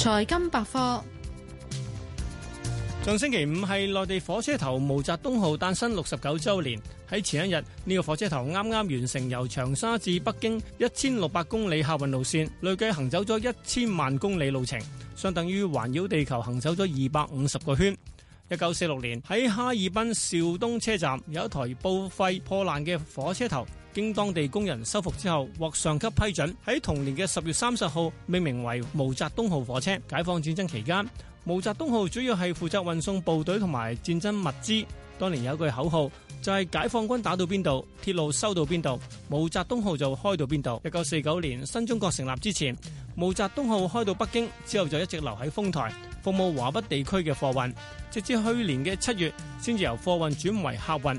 財金百科。上星期五係內地火車頭毛澤東號誕生六十九周年。喺前一日，呢、這個火車頭啱啱完成由長沙至北京一千六百公里客運路線，累計行走咗一千萬公里路程，相等於環繞地球行走咗二百五十個圈。一九四六年喺哈爾濱肇東車站有一台報廢破爛嘅火車頭。經當地工人修復之後，獲上級批准喺同年嘅十月三十號，命名為毛澤東號火車。解放戰爭期間，毛澤東號主要係負責運送部隊同埋戰爭物資。當年有句口號就係解放軍打到邊度，鐵路修到邊度，毛澤東號就開到邊度。一九四九年新中國成立之前，毛澤東號開到北京之後就一直留喺豐台，服務華北地區嘅貨運。直至去年嘅七月，先至由貨運轉為客運。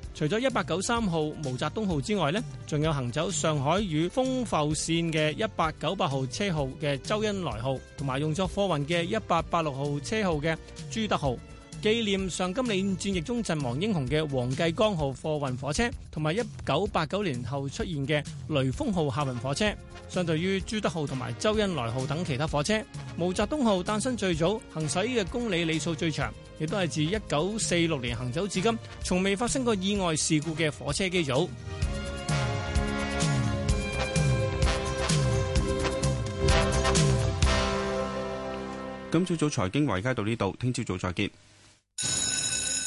除咗一八九三號毛澤東號之外呢，仲有行走上海與豐阜線嘅一八九八號車號嘅周恩來號，同埋用作貨運嘅一八八六號車號嘅朱德號。紀念上甘嶺戰役中陣亡英雄嘅黃繼光號貨運火車，同埋一九八九年後出現嘅雷鋒號客運火車，相對於朱德號同埋周恩來號等其他火車，毛澤東號誕生最早，行駛嘅公里里數最長，亦都係自一九四六年行走至今，從未發生過意外事故嘅火車機組。今朝早財經圍街到呢度，聽朝早再見。